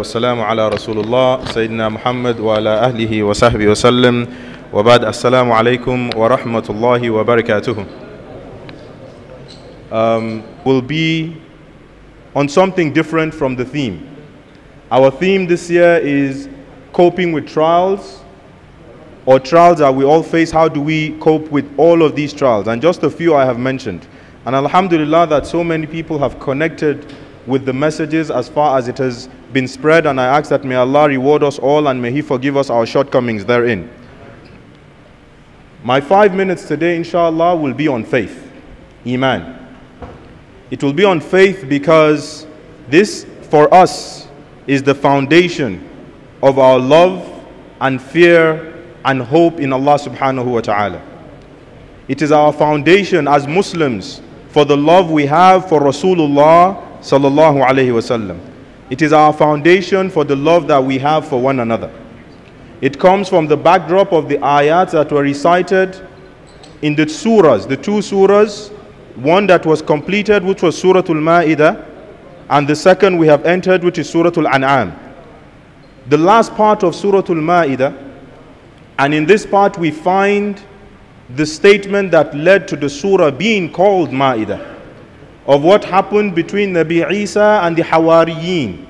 والسلام على رسول الله سيدنا محمد وعلى أهله وصحبه وسلم وبعد السلام عليكم ورحمة الله وبركاته um, will be on something different from the theme. Our theme this year is coping with trials or trials that we all face. How do we cope with all of these trials? And just a few I have mentioned. And Alhamdulillah that so many people have connected with the messages as far as it has been spread, and I ask that may Allah reward us all and may He forgive us our shortcomings therein. My five minutes today, inshallah, will be on faith, Iman. It will be on faith because this, for us, is the foundation of our love and fear and hope in Allah subhanahu wa ta'ala. It is our foundation as Muslims for the love we have for Rasulullah sallallahu alaihi wasallam. It is our foundation for the love that we have for one another. It comes from the backdrop of the ayat that were recited in the surahs, the two surahs, one that was completed, which was Surah Al Ma'idah, and the second we have entered, which is Surah Al An'am. The last part of Surah Al Ma'idah, and in this part we find the statement that led to the surah being called Ma'idah of what happened between Nabi Isa and the Hawariyin.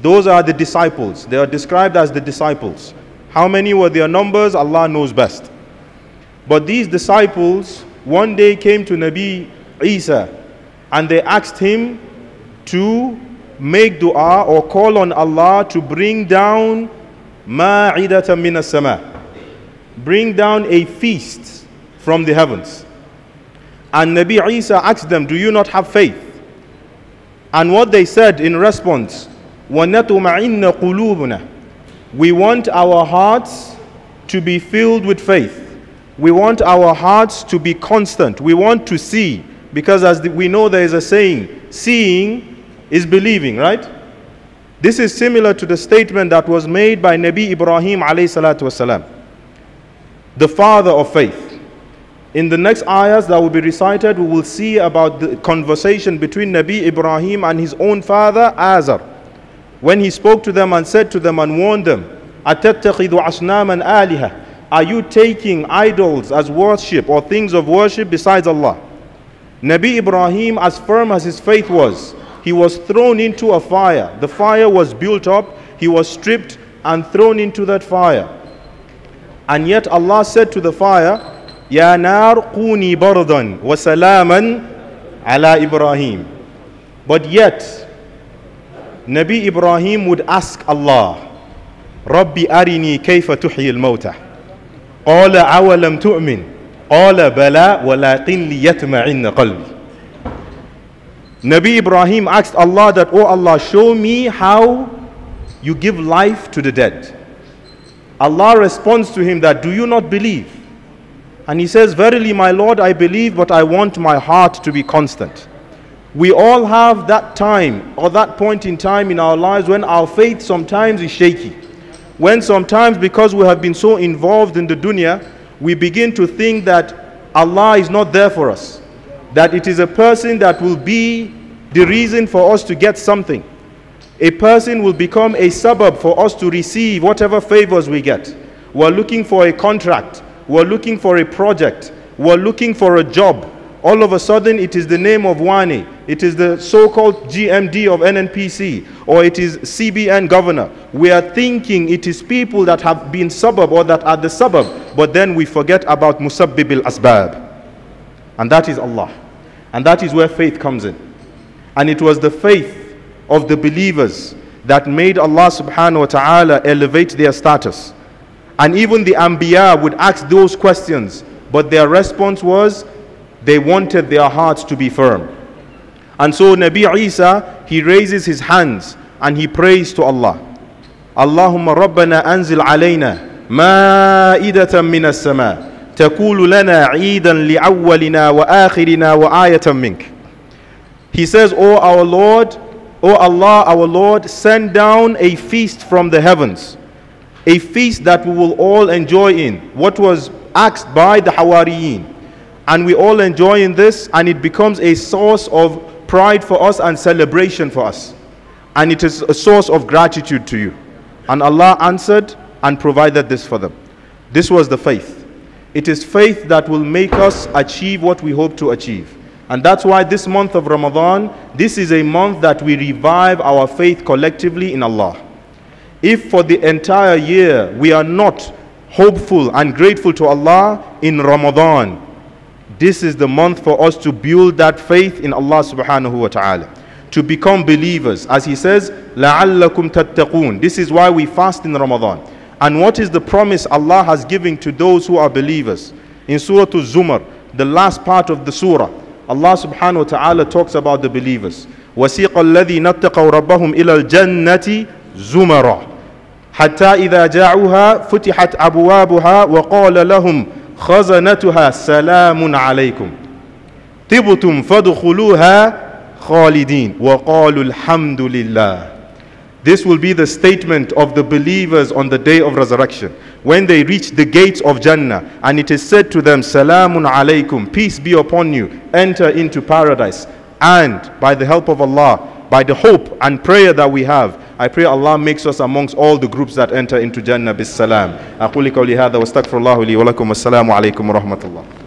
Those are the disciples. They are described as the disciples. How many were their numbers? Allah knows best. But these disciples one day came to Nabi Isa and they asked him to make dua or call on Allah to bring down ma'idatan min as-sama. Bring down a feast from the heavens. And Nabi Isa asked them, Do you not have faith? And what they said in response, We want our hearts to be filled with faith. We want our hearts to be constant. We want to see. Because as we know, there is a saying, seeing is believing, right? This is similar to the statement that was made by Nabi Ibrahim alayhi the father of faith. In the next ayahs that will be recited, we will see about the conversation between Nabi Ibrahim and his own father, Azar. When he spoke to them and said to them and warned them, أَتَتَّخِذُ أَصْنَامًا آلِهَةً Are you taking idols as worship or things of worship besides Allah? Nabi Ibrahim, as firm as his faith was, he was thrown into a fire. The fire was built up, he was stripped and thrown into that fire. And yet Allah said to the fire, يا نار قوني بردا وسلاما على إبراهيم But yet, Nabi Ibrahim would ask Allah, ربي أرني كيف تحيي الموتى قال أولم تؤمن قال بلى ولكن ليطمئن قلبي Nabi Ibrahim asked Allah that, Oh Allah, show me how you give life to the dead. Allah responds to him that, Do you not believe? And he says, Verily, my Lord, I believe, but I want my heart to be constant. We all have that time or that point in time in our lives when our faith sometimes is shaky. When sometimes, because we have been so involved in the dunya, we begin to think that Allah is not there for us, that it is a person that will be the reason for us to get something. A person will become a suburb for us to receive whatever favors we get. We're looking for a contract we're looking for a project, we're looking for a job. All of a sudden, it is the name of WANI, it is the so called GMD of NNPC, or it is CBN governor. We are thinking it is people that have been suburb or that are the suburb, but then we forget about Musabbibil Asbab. And that is Allah. And that is where faith comes in. And it was the faith of the believers that made Allah subhanahu wa ta'ala elevate their status. And even the Ambiya would ask those questions, but their response was they wanted their hearts to be firm. And so Nabi Isa, he raises his hands and he prays to Allah. Allahumma rabbana anzil alayna ma'idatan min as-sama' تقول لنا wa akhirina wa وآية منك. He says, O our Lord, O Allah, our Lord, send down a feast from the heavens a feast that we will all enjoy in, what was asked by the Hawariyin. And we all enjoy in this, and it becomes a source of pride for us and celebration for us. And it is a source of gratitude to you. And Allah answered and provided this for them. This was the faith. It is faith that will make us achieve what we hope to achieve. And that's why this month of Ramadan, this is a month that we revive our faith collectively in Allah if for the entire year we are not hopeful and grateful to Allah in Ramadan, this is the month for us to build that faith in Allah subhanahu wa ta'ala. To become believers. As he says, لَعَلَّكُمْ تَتَّقُونَ This is why we fast in Ramadan. And what is the promise Allah has given to those who are believers? In Surah Al-Zumar, the last part of the surah, Allah subhanahu wa ta'ala talks about the believers. وَسِيقَ الَّذِينَ اتَّقَوْ رَبَّهُمْ إِلَى الْجَنَّةِ زُمَرًا حتى إذا جاءوها فتحت أبوابها وقال لهم خزنتها سلام عليكم طبتم فادخلوها خالدين وقالوا الحمد لله This will be the statement of the believers on the day of resurrection. When they reach the gates of Jannah, and it is said to them, Salamun alaykum, peace be upon you, enter into paradise. And by the help of Allah, by the hope and prayer that we have, I pray Allah makes us amongst all the groups that enter into Jannah bis salam. Aqulika li hadha wa astaghfirullah li wa lakum wa alaykum wa rahmatullah.